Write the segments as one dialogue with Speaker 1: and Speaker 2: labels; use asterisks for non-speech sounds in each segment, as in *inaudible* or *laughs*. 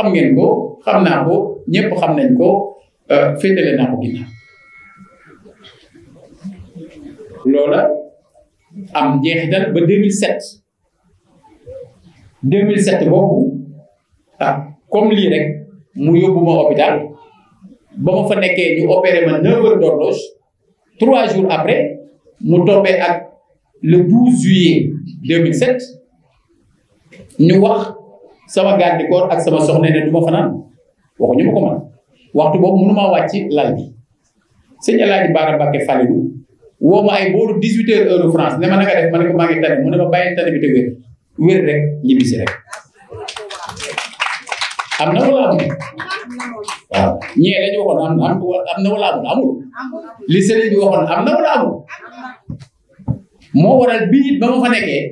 Speaker 1: xam ngeen ko xam naa ko ñëpp xam nañ ko euh, féetale naa ko ginnaaw loola am njeexital ba 2007 2007 boobu ah comme lii rek mu yóbbu ma hôpital ba ma fa nekkee ñu opéré ma 9 heures d'horloge 3 jours après mu tombé ak le 12 juillet 2007 ñu wax. sama gàddi koor ak sama soxna ne du fanaan waxuñu ma ko man waxtu boobu mënumaa wàcc lal bi sëñ Alaaji Baara Mbàkke Falilu woo ma ay booru 18 heures heure France ne ma naka def ma ne ko maa ngi tane ne ma bàyyi tane bi te wér wér rek ñibbisi rek am na wala moo fa nekkee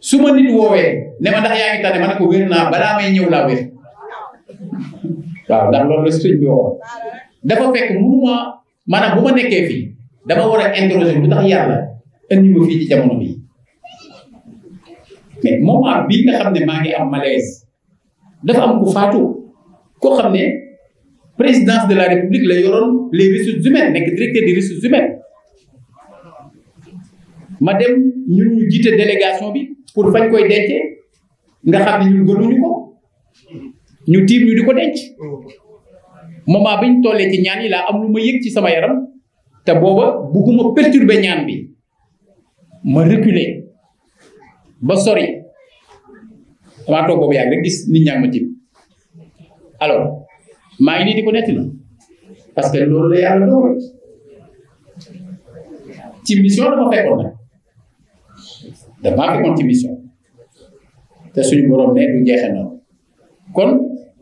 Speaker 1: su ma nit woowee ne ma ndax yaa ngi tane ma ne ko wér naa balaa may ñëw laa wér waaw ndax loolu la sëñ bi waxoon dafa fekk munuma ma nekkee a interroger bi nga xam ne maa ngi am malaise dafa am ku faatu koo xam ne présidence de la république la yoroon les ressources humaines nekk directeur des ressources humaines ma dem ñu jiite délégation bi pour fañ koy dencee nga xam ne ñun gënuñu ko ñu tiim ñu di ko denc moment ñu tollee ci ñaan yi laa am lu ma yëg ci sama yaram te booba bugguma perturber ñaan bi ma reculer ba sori damaa toog boobu yàgg rek gis nit ñaa ma tiim alors maa ngi nii di ko nettali parce que loolu la yàlla dogal ci mission dama fekkoon nag damaa fekkoon ci mission te suñu borom ne du jeexe noonu kon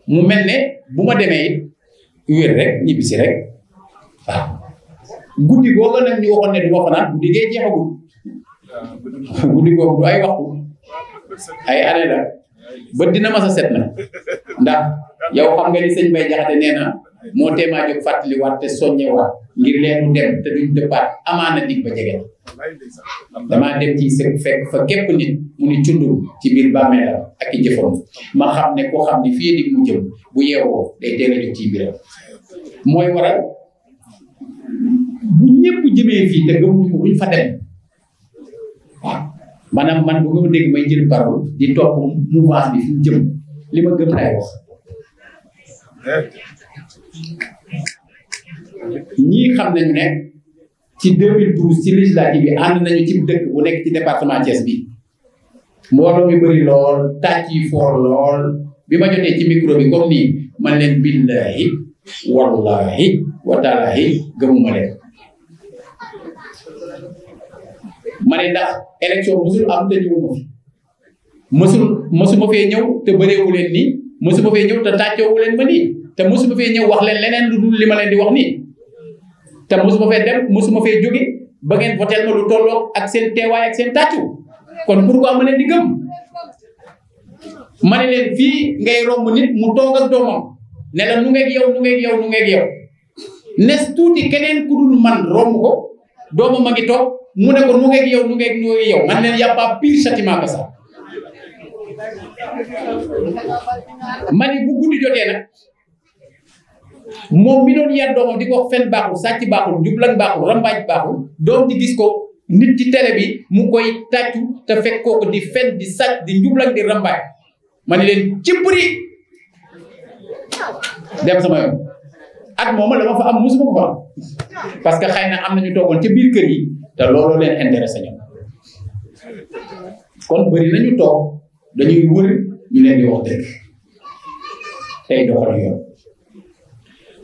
Speaker 1: mu mel ne bu ma demee wér rek ñibbisi rek guddi googu nag ñu waxoon ne du ma fanaan guddi googu du ay waxtu ay année la bët dina mas a set na ndax yow xam nga ni sëñ Bay Jaxate nee na moo teemaa jóg fàttaliwaat te soññewaat ngir leen mu dem te duñ dëppaat amaana dig ba jege damaa dem ci fekk fa képp nit mu ni cundum ci biir bàmmeelam ak i jëfam ma xam ne koo xam ne fii di mu jëm bu yeewoo day teel a jóg ci biiram mooy waral bu ñëpp jëmee fii te gëmuñu ko buñ fa dem waaw maanaam man bu nga dégg may jël parole di topp mouvance bi fi mu jëm li ma gëm lay wax ñii xam nañu ne ci 2012 ci législative bi ànd nañu ci dëkk bu nekk ci département Thiès bi mbooloo mi bëri lool tàcc yi foor lool bi ma jotee ci micro bi comme nii man leen billahi wallahi wa taalahi gëmuma leen ma ne ndax élection musul am te ñëwuma fi musul musuma fee ñëw te bëreewu leen nii musuma fee ñëw te wu leen ma nii te musuma fee ñëw wax leen leneen lu dul li ma leen di wax nii te mosuma fee dem mosuma fee jóge ba ngeen voteel ma lu tolloog ak seen teewaay ak seen tàccu kon pourquoi ma na di gëm ma ne leen fii ngay romb nit mu toog ak doomam ne la nu ngeeg yow nu ngeeg yow nu ngeeg yow nes tuuti keneen ku dul man romb ko doomam a ngi toog mu ne ko nu ngeeg yow nu ngeeg nu ngeeg yow man leen yàppaa pire châtiment que ça ma ne bu guddi jotee nag moom mi doon yar doomam di ko wax fen baaxul sàcc baaxul jublan baaxul rambaaj baaxul doom di gis ko nit ci télé bi mu koy tàccu te fekk kooku di fen di sàcc di njublan di rambaaj ma ni leen ci prix dem sama yoon at mooma la ma fa am musuma ko fa parce que xëy na am nañu toogoon ca biir kër yi te loolu leen intéressé ñoom kon bëri nañu toog dañuy wër ñu leen di wax tey doxal yoon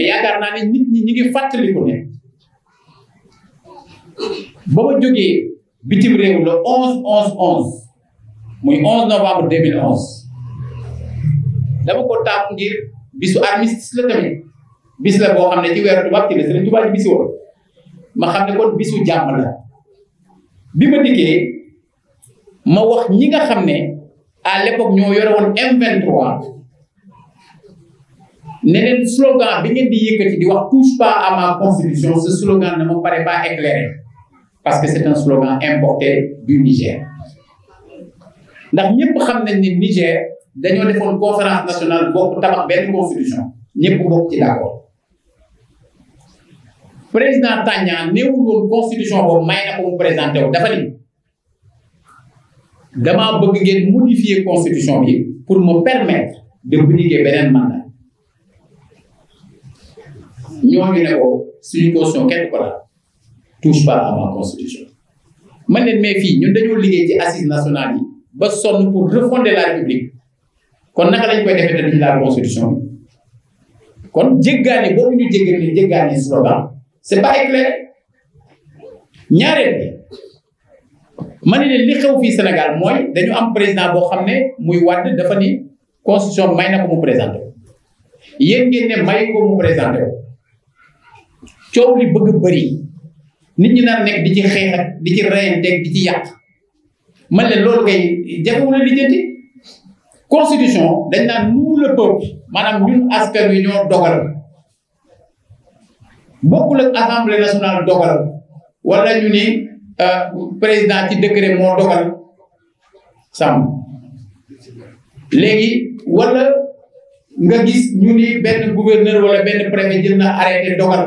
Speaker 1: mais yaakaar naa ne nit ñi ñi ngi fàttaliku ne ba ma jógee bitim réew le 11 11 11 muy 11 novembre 2011 dama ko taam ngir bisu armistice la tamit bis la boo xam ne ci weeru tubaab ci la Sëriñ Tuubaa ji bisi woon ma xam ne kon bisu jàmm la bi ma dikkee ma wax ñi nga xam ne à l'époque ñoo yore woon M23. ne slogan bi ngeen di yëkkati di wax touche pas à ma constitution ce slogan ne me paraît pas éclairé parce que c'est un slogan importé du Niger ndax ñëpp xam nañ ne Niger dañoo defoon conférence nationale bokk tabax benn constitution ñëpp bokk ci d'accord président Tagnan néewul woon constitution boobu may na ko mu présenté wu dafa ni dama bëgg ngeen modifier constitution bi pour me permettre de briguer beneen mandat ñoo ngi ne ko suñu constitution kenn ko la touche pas à ma constitution. man ne mais fii ñun dañoo liggéey ci assises nationale yi ba sonn pour refonder la république kon naka lañ koy defee te duñu laal constitution bi kon jéggaani boobu ñu jéggaani jéggaani slogan c'est pas éclair ñaareel bi ma ne li xew fii Sénégal mooy dañu am président boo xam ne muy Wade dafa ni constitution may na ko mu présenté yéen ngeen ne may ko mu présenté coow li bëgg bëri nit ñi nar nekk di ci xeex ak di ci reyanteeg di ci yàq man leen loolu kay jafewul a lijjanti constitution dañ naan nous le maanaam ñun askan wi ñoo dogal bokkul ak assemblée nationale dogal wala ñu ni euh, président ci décret moo dogal sàmm léegi wala nga gis ñu ni benn gouverneur wala benn préfet jël na arrêté dogal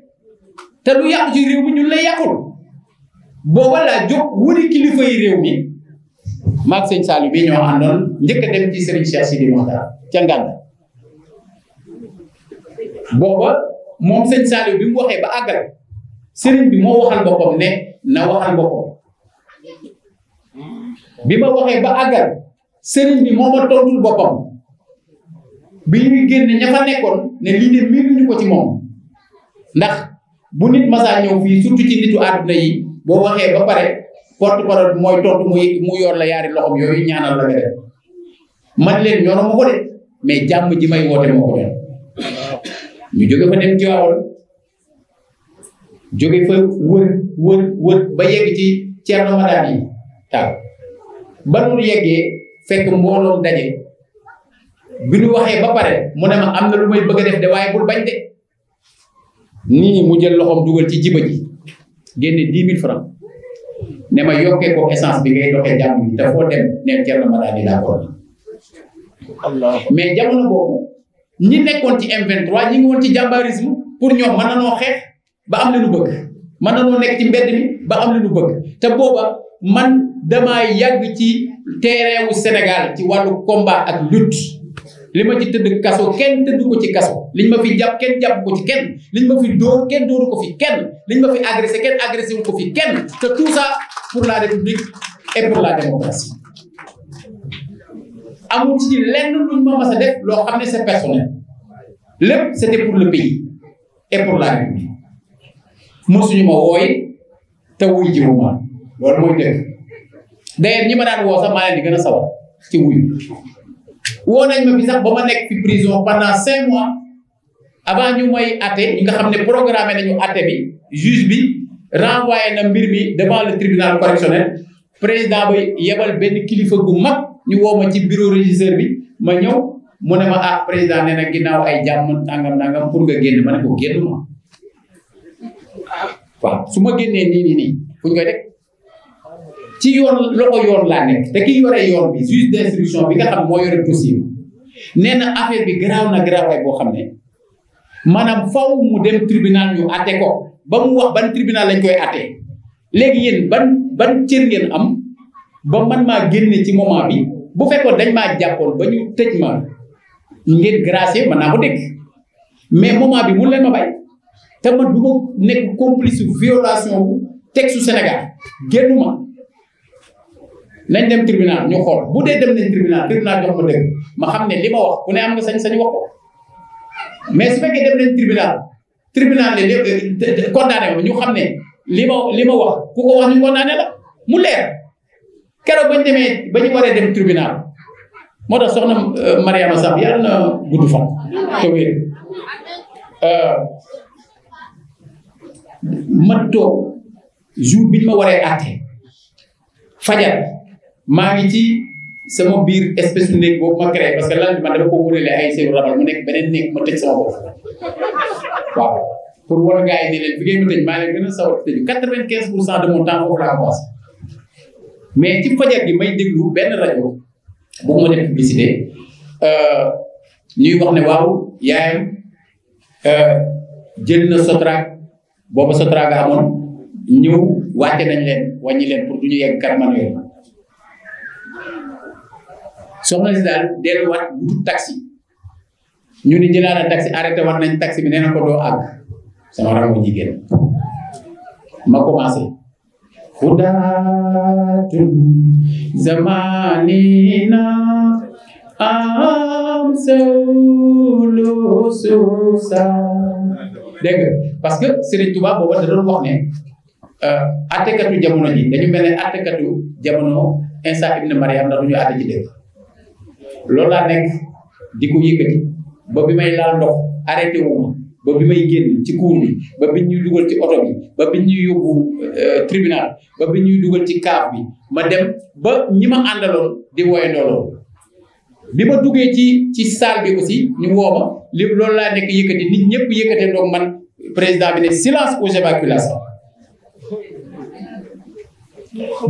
Speaker 1: te lu yàqu ci réew mi ñu lay yàqul booba laa jóg wëri kilifa réew mi maag sëñ Saliou bi ñoo àndoon njëkk a dem ci Serigne Cheikh Sidi Mokhtar ca Nganda booba moom sëñ Saliou bi mu waxee ba àggal Serigne bi moo waxal boppam ne na waxal boppam bi ma waxee ba àggal Serigne bi moo boppam bi ñuy génne ña nekkoon ne lii de miinuñu ko ci moom ndax. bu nit masaa ñëw fii surtout ci nitu yi boo waxee ba pare porte parole mooy tontu mu yor la yaari loxom yooyu ñaanal la nga def leen ñoro ma de mais jàmm ji may woote ma ko doon ñu jóge fa dem Tiwaawol jóge ba yegg ci Ceerno Madaan yi taw ba nu yeggee fekk mbooloom daje bi ñu waxee ba pare mu ne ma am na lu may bëgg def de waaye bul bañ de nii mu jël loxoom dugal ci jiba ji génne dix mille francs ne ma yokkee ko essence bi ngay doxee jàmm ji te foo dem ne Thierno Madani laa ko mais jamono boobu ñi nekkoon ci M23 ñi ngi woon ci jàmbaarisme pour ñoom mën noo xeex ba am li nu bëgg mën nanoo nekk ci mbedd mi ba am li nu bëgg te booba man damaa yàgg ci terrain wu Sénégal ci wàllu combat ak lutte li ma ci tëdd kaso kenn tëdd ko ci kaso liñ ma fi jàpp kenn jàpp ko ci kenn liñ ma fi dóor kenn dóoru ko fi kenn liñ ma fi agressé kenn agressé wu ko fi kenn te tout ça pour la république et pour la démocratie ci lenn luñ ma def loo xam ne c'est personnel pour le pays et pour la république ma wooye te wuy ji wu ma loolu mooy ñi ma daan woo sax maa leen di gën a sawar ci wuyu woo nañ ma fi sax ba ma nekk fi prison pendant cinq mois avant ñu may atte nga xam ne programme nañu ate bi juge bi renvoyé na mbir mi devant le tribunal correctionnel président ba yebal benn kilifa gu mag ñu woo ma ci bureau régisseur bi ma ñëw mu ne ma ah président nee na ginnaaw ay jàmm nangam nangam pour nga génn ma ne ko génn ma ah. su ma génnee nii nii nii fuñ koy ci yoon loxo yoon laa nekk te ki yoree yoon bi juge d'instruction bi nga xam moo yore possible nee na affaire bi garaaw na garaawaay boo xam ne maanaam faw mu dem tribunal ñu atte ko ba mu wax ban tribunal lañ koy atte léegi yéen ban ban cër ngeen am ba man maa génne ci moment bi bu fekkoon dañ maa jàppoon ba ñu tëj ma ngeen gracier mën naa ko dégg mais moomaa bi mun leen ma bay te bu du ma nekk complice violation texte Sénégal génnu ma nañ dem tribunal ñu xool bu dee dem nañ tribunal tribunal jox ma dëgg ma xam ne li ma wax ku ne am nga sañ-sañ wax ko mais su fekkee dem nañ tribunal tribunal ne lépp condamné ñu xam ne li ma li ma wax ku ko ñu condamné la mu leer keroog bañ demee ba ñu waree dem tribunal moo tax soxna euh, Mariama Samb yàlla na gudd fan te wér euh, ma toog jour bi ma waree àtte fajar maa ngi ci sama biir espèce de néeg boobu ma créé parce que lan bi man dama ko wóoree ay séeru rabal mu nekk beneen néeg ma tëj sama bopp waaw yi ne leen bi ngeen ma tëj maa a sawar tëj quatre vingt déglu benn rajo bu ma def euh, waaw yaayam euh, na sotraak booba sotraak a amoon ñëw wàcce nañ leen wàññi leen pour du ñu yegg kat man soxna si dal delluwaat wat taxi ñu ni jëlal taxi arrêté wat nañ taxi bi néna ko do ag sama rango jigen ma commencé hudatun zamanina am sawlu susa dégg parce que Serigne Touba booba da doon wax né euh ne attekatu jamono ji dañu mel ne attekatu jamono Insa ibn maryam da duñu àtte ci dëgg loolu laa nekk di ko yëkkati ba bi may laal ndox arrêté wu ma ba bi may génn ci cour bi ba bi ñuy dugal ci oto bi ba bi ñuy yóbbu euh, tribunal ba bi ñuy dugal ci kaaf bi ma dem ba ñi ma àndaloon di woyandoo lool bi ma duggee ci ci salle bi aussi ñu woo ma li loolu laa nekk yëkkati nit ñëpp yëkkatee ndox man président bi ne silence aux évacuations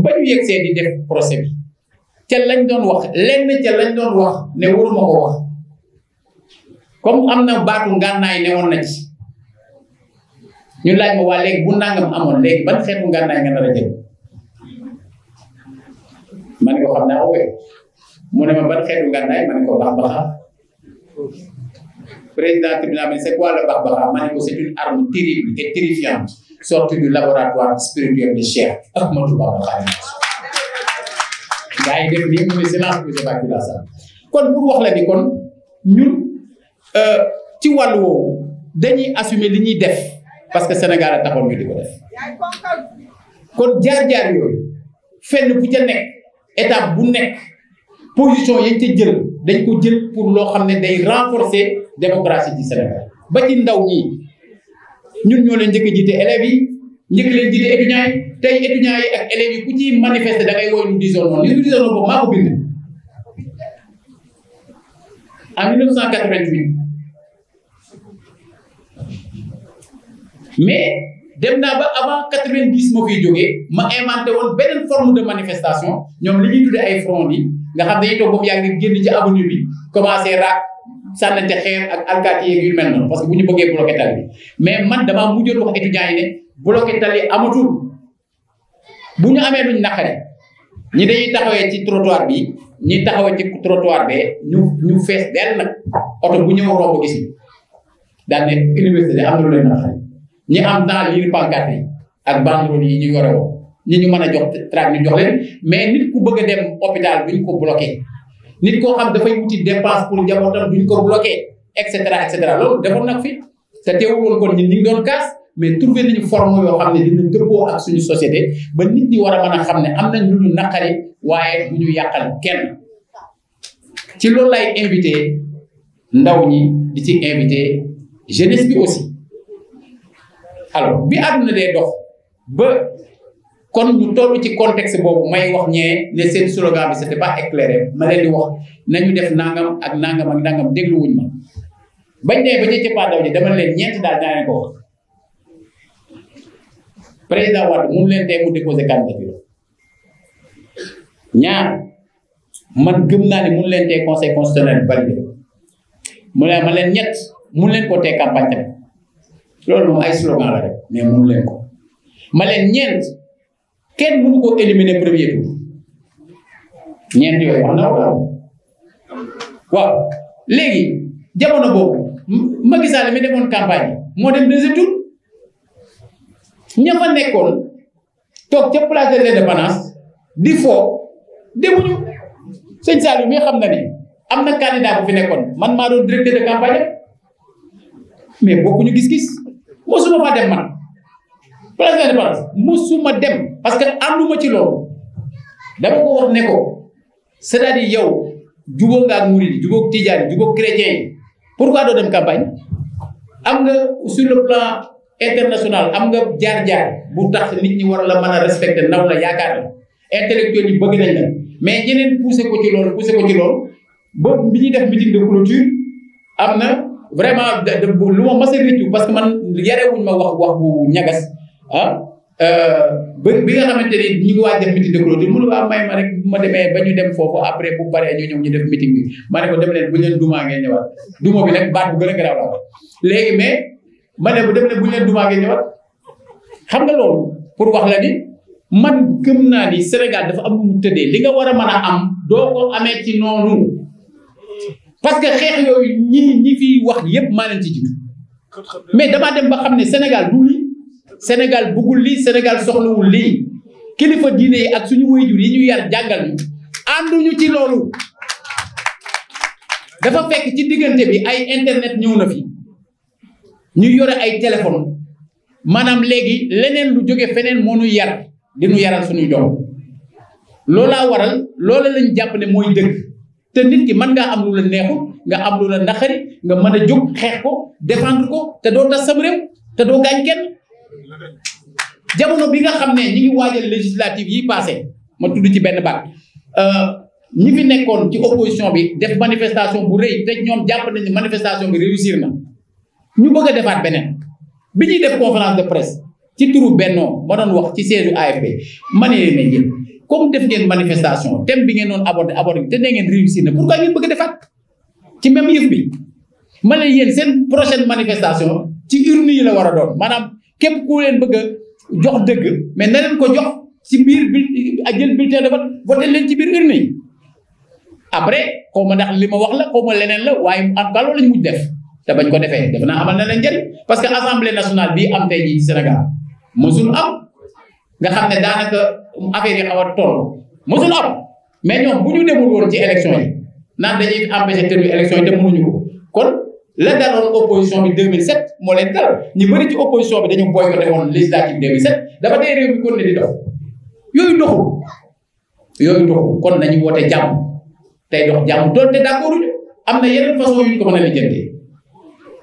Speaker 1: ba ñu yegg seen di def procès bi. ci lañ doon wax lenn ci lañ doon wax ne waruma ko wax comme am na baatu ngànnaay newoon na ci ñu laaj ma waa léegi bu nangam amoon léegi ban xeetu ngànnaay nga nar a jël man ko xam naa owe mu ne ma ban xeetu ngànnaay man ko bax baxa président tribunal bi c'est quoi le bax baxa ma ne ko c'est une arme terrible et terrifiante sorte du laboratoire spirituel de Cheikh Ahmadou Bamba Khadim ay ngi dégg yëpp mooy séance plus évacuation kon pour wax la ni kon ñun euh, ci wàll woowu dañuy assumer li ñuy def parce que Sénégal a taxoon ñu di ko def kon jaar-jaar yooyu fenn bu ca nekk étape bu nekk position yañ ca jël dañ ko jël pour loo xam ne day renforcer démocratie ci Sénégal ba ci ndaw ñi ñun ñoo leen njëkk a jiite élèves yi. njëkk leen jiite étudiants yi tey étudiants yi ak élèves yi ci manifester da ngay woy lu diisoon noonu li ñu diisoon noonu boobu maa ko bind. en 1988 mais dem naa ba avant 90 moo fiy jógee ma inventé woon beneen forme de manifestation ñoom li ñuy tuddee ay front yi nga xam dañuy toog boobu ngi génn ci avenue bi commencé raak. sànnante xeer ak alkaati yu mel noonu bu ñu bëggee bloqué mais man damaa mujjoon wax étudiants yi ne bloqué tali amatul bu ñu amee luñ nakari ñi dañuy taxawé ci trottoir bi ñi taxawé ci trottoir bee ñu ñu fess ben auto bu ñëw rombu gis daal né université de am lu lay nakari ñi am dal yi pancarte yi ak banderole yi ñu yore ñi ñu mëna jox track ñu jox leen mais nit ku bëgg dem hôpital buñ ko bloqué nit ko xam fay wuti dépense pour njabootam duñ ko bloqué et cetera et cetera loolu defoon nag fi té téwul won kon ñi ñi doon casse mais trouvé nañu forme yoo xam ne dina dëppoo ak suñu société ba nit ñi war a mën a xam ne am nañ lu ñu naqari waaye du ñu yàqal kenn ci loolu lay invité ndaw ñi di ci invité jeunesse bi aussi alors bi àdduna dee dox ba kon ñu toll ci contexte boobu may wax ñee ne seen slogan bi c'était pas éclairé ma leen di wax nañu def nangam ak nangam ak nangam dégluwuñ ma bañ ne ba ca cëppaandaw ji dama leen ñeent daal naa leen président Wade mënu leen tey mu déposé candidature ñaar man gëm naa ne mënu leen tey conseil constitutionnel validé mu ne ma leen ñett mun leen ko te campagne tamit loolu moom ay slogan la mais mënu leen ko ma leen ñeent kenn mënu ko éliminer premier tour ñeent yooyu wax na waaw waaw léegi jamono boobu Macky Sall mi demoon campagne moo dem deuxième tour ña fa nekkoon toog ca place de l'indépendance di foo demuñu sëñ Saliou mi xam na ni am na candidat bu fi nekkoon man maa doon directeur de campagne mais bokkuñu gis-gis mosuma faa dem man place de l'indépendance mosuma dem parce que ànduma ci loolu dama ko wax ne ko cest à yow jubóo nga ak murid yi jubóo tijaan yi jubóo chrétien yi dem campagne am nga sur le international am nga jaar jaar bu tax nit ñi war la mëna a respecter naw la yaakaar intellectuel yi bëgg nañ la mais ñeneen pousser ko ci lool pousser ko ci lool ba bi ñuy def meeting de clôture am na vraiment lu ma mas a rëccu parce que man yare wuñ ma wax wax bu ñagas ah euh, ba bi nga xamante ni ñu ngi waaj def meeting de clôture mënu waa may ma rek ma demee ba ñu dem foofu après bu paree ñu ñëw ñu def meeting bi ma ne ko dem leen bu leen duma ngeen ñëwaat duma bi nag baat bu gën a garaaw la léegi mais ma ne bu dem ne bu ñu leen dumaagee ñëwal xam nga loolu pour wax la ni man gëm naa ni Sénégal dafa am mu tëddee li nga war a mën a am doo ko amee ci noonu parce que xeex yooyu ñi ñi fiy wax yépp maa leen ci jiitu mais damaa dem ba xam ne Sénégal du lii Sénégal bëggul lii Sénégal soxlawul lii kilifa diine yi ak suñu waajur yi ñu yar jàngal ñu ci loolu dafa fekk ci diggante bi ay internet ñëw na fi ñu yore ay téléphone maanaam léegi leneen lu jóge feneen moo nu yar di nu yaral suñuy doom loolaa waral loola lañ jàpp ne mooy dëgg te nit ki mën ngaa am lu la neexu nga am lu la naqari nga mën a jóg xeex ko défendre ko te doo tas sam réew te doo gaañ kenn jamono bi nga xam ne ñi ngi waajal législative yi passé ma tudd ci benn baat euh, ñi fi nekkoon ci opposition bi def manifestation bu rëy te ñoom jàpp nañ ne manifestation bi réussir na ñu bëgg a defaat beneen bi ñuy def conférence de presse ci turu Benno ma doon wax ci siège AFP ma ne leen ne comme def ngeen manifestation thème bi ngeen doon abordé abordé te nee ngeen réussir na pourquoi ngeen bëgg a defaat ci même yëf bi ma ne yéen seen prochaine manifestation ci urne yi la war a doon maanaam képp ku leen bëgg jox dëgg mais na leen ko jox ci biir bi a jël bulletin de vote voté leen ci biir urne yi après xaw ma ndax li ma wax la xaw ma leneen la waaye en tout cas loolu def. te bañ ko defee def naa amal na leen njëriñ parce que assemblée nationale bi am tey jii ci Sénégal mosul am nga xam ne daanaka affaire yi xaw a toll mosul am mais ñoom bu ñu demul woon ci élection yi naan dañuy empêché tenu élection yi te mënuñu ñu kon la daloon opposition bi 2007 moo leen dal ñu bëri ci opposition bi dañu boycotté woon législative 2007 dafa dee réew mi kon ne di dox yooyu doxul yooyu doxul kon nañu woote jàmm tey dox jàmm doonte d'accord am na yeneen façon yu ko mën a lijjantee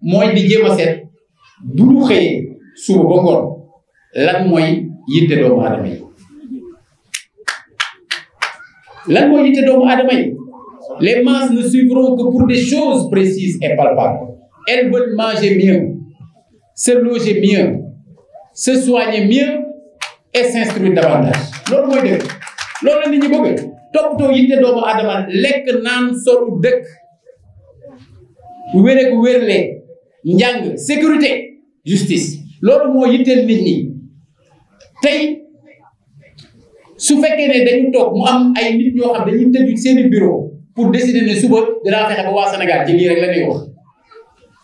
Speaker 1: moy di jéem a seet bu ñu xëyee suba ba ngoon lan moy yitte doomu aadama lan moy yitte doomu aadama les masses ne suivront que pour des choses précises et palpables elles veulent manger mieux se loger mieux se soigner mieux et s'instruire davantage lolu moy dëgg lolu nit ñi bëgg to yitte doomu aadama lek nan solo dëkk wér ak wérlee sécurité justice l'autre moo yitteel nit tey su que ne dañu am ay nit ñoo bureau pour décider ne suba de la ba Sénégal ci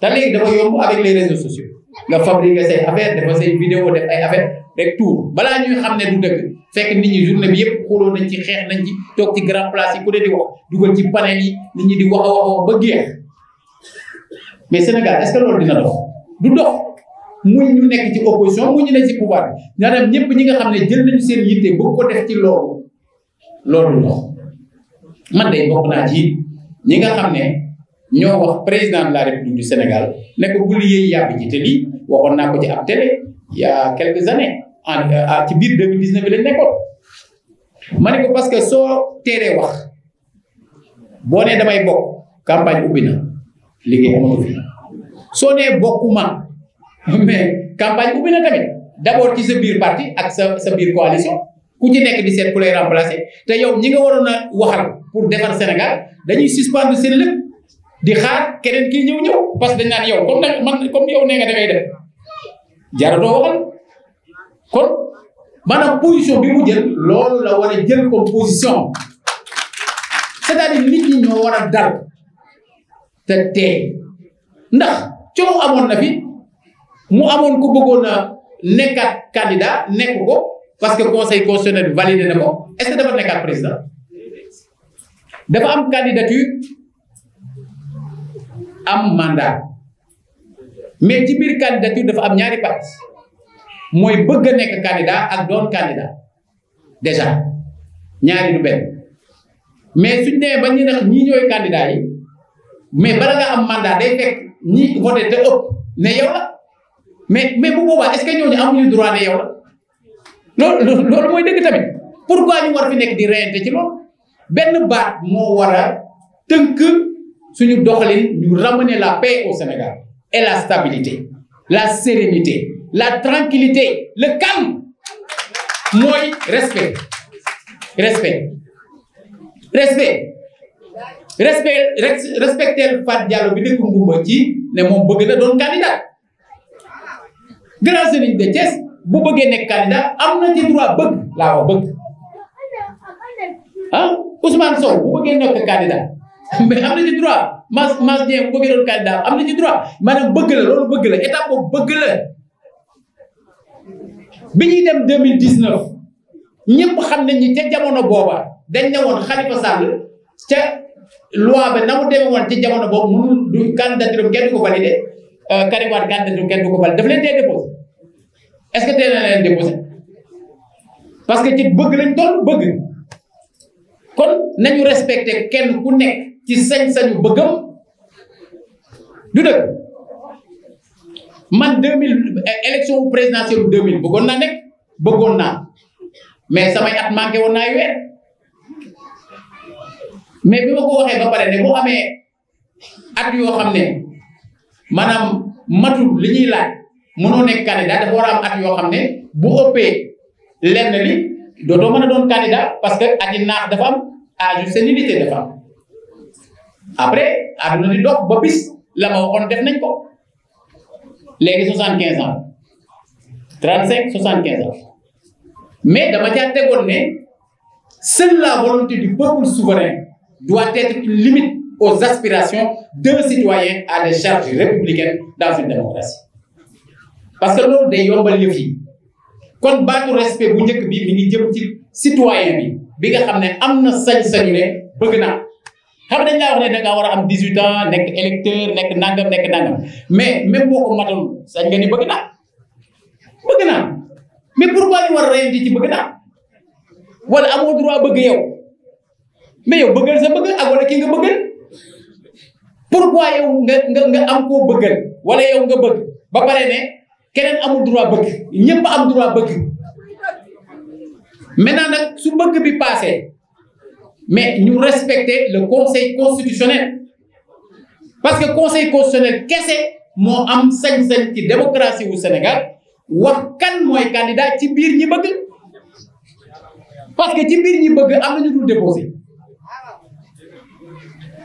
Speaker 1: la wax avec les réseaux sociaux fabriquer avec nous vidéo def ay affaire rek Nous ne du dëgg Fait nit ñi journée bi pour des ci nañ ci grand place mais Sénégal est-ce que loolu dina dox du dox mu ñu nekk ci opposition mu ñu nekk ci pouvoir ñaa dem ñëpp ñi nga xam ne jël nañu seen yitte bëgg ko def ci loolu loolu dox man de bokk naa ci ñi nga xam ne ñoo wax président de la république du Sénégal ne ko bul yéey yàbbi ci te waxoon naa ko ci ab télé il y quelques années en euh, ci biir 2019 bi lañ nekkoon ma ne ko parce que soo teeree wax boo nee damay bokk campagne ubbi na liggéey amatu fi soo nee *laughs* mais campagne bu bina tamit d'abord ci ce bir parti ak sa sa bir coalition ku ci nek di set pour les remplacer te yow ñi nga warona a waxal pour defar Sénégal dañuy suspendre sen lepp di xaar keneen ki ñew ñew parce dañ nan yow comme man comme yow nee nga da def jarato waxal kon manam position bi mu jël loolu la wara a jël comme position c'est à dire nit ñi ñoo wara dal te teey ndax coow amoon na fi mu amoon ku bëggoon a nekkaat candidat nekk ko parce que conseil constitutionnel validé na ko est-ce que dafa nekkaat président dafa am candidature am mandat mais ci biir candidature dafa am ñaari parti mooy bëgg a nekk candidat ak doon candidat déjà ñaari du benn mais suñ nee ba ñu ne ñii ñooy candidat yi mais bala nga am mandat day fekk ñi voté te ëpp ne yow la mais mais bu boobaa est ce que ñooñu amuñu droit ne yow la loolu loolu mooy dëgg tamit pourquoi ñu war fi nekk di reyante ci loolu benn baat moo war a tënk suñu doxalin ñu ramener la paix au Sénégal et la stabilité la sérénité la tranquillité le calme mooy respect respect respect respect respecter Fat Diallo bi nekk ngumba ci ne moom bëgg na doon candidat grand serigne de Thiès bu bëggee nekk candidat am na ci droit bëgg laa wax bëgg ah Sow bu bëggee nekk candidat *laughs* mais am na ci droit Mass Mass Dieng bëggee doon candidat am na ci droit maanaam bëgg la loolu bëgg la état boobu bëgg la bi ñuy dem 2019 xam nañ ni ca jamono booba dañ ne woon Khalifa Sall ca. loi ba na mu demee woon ci jamono boobu mënul du candidature kenn du ko validé euh, Karim Wade candidature kenn du ko validé daf leen tee déposé est que tee na leen déposé parce que ci bëgg lañ toll bëgg kon nañu respecté kenn ku nekk ci sañ-sañu bëggam du dëgg man 2000 élection présidentielle 2000 bëggoon naa nekk bëggoon naa mais samay at manqué woon naa weer mais bi ma ko waxee ba pare ne bu amee at yoo xam ne maanaam matul li ñuy laaj mënoo nekk candidat dafa war a am at yoo xam ne bu ëppee lenn li dootoo mën a doon candidat parce que at yi naax dafa am âge sénilité dafa am après àdduna di dox ba bis la ma waxoon def nañ ko léegi soixante quinze ans trente cinq soixante quinze ans mais dama caa tegoon ne seul la volonté du peuple souverain doit être une limite aux aspirations d'un citoyen à des charges républicaines dans une démocratie parce que loolu day yombal yëf yi kon baatu respect bu njëkk bi mi ngi jëm ci citoyen bi bi nga xam ne am na sañ-sañu bëgg naa xam dañ wax da am 18 ans nekk électeur nekk nangam nekk nangam mais même pour ko matal sañ nga ni bëgg bëgg mais pourquoi ñu war a rayante ci bëgg naa wala amoo droit bëgg yow. mais yow bëggal sa bëggal ak wala ki nga bëggal pourquoi yow nga nga nga am koo bëggal wala yow nga bëgg ba pare ne keneen amul droit bëgg ñëpp am droit bëgg maintenant nag su bëgg bi passé mais ñu respecter le conseil constitutionnel parce que conseil constitutionnel kese moo am sañ-sañ ci démocratie wu Sénégal wax kan mooy candidat ci biir ñi bëgg parce que ci biir ñi bëgg am na ñu dul déposé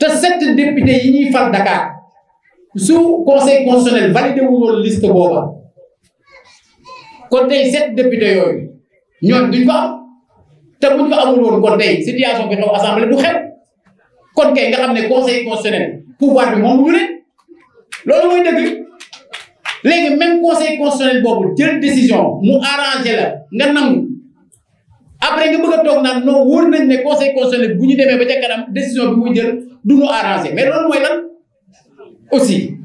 Speaker 1: te sept député yi ñuy fal Dakar su conseil constitutionnel validé wu woon liste booba kon tey sept député yooyu ñoom duñ ko am te buñ ko amul woon kon tey situation bi xew assemblée du xew kon kay nga xam ne conseil constitutionnel pouvoir bi moom lu leen loolu mooy dëgg léegi même conseil constitutionnel boobu jël décision mu arrangé la nga nangu après nga bëgg toog naan non wóor nañ ne conseil constitutionnel bu ñu demee ba ca kanam décision bi muy jël. du ñu arrangé mais loolu mooy aussi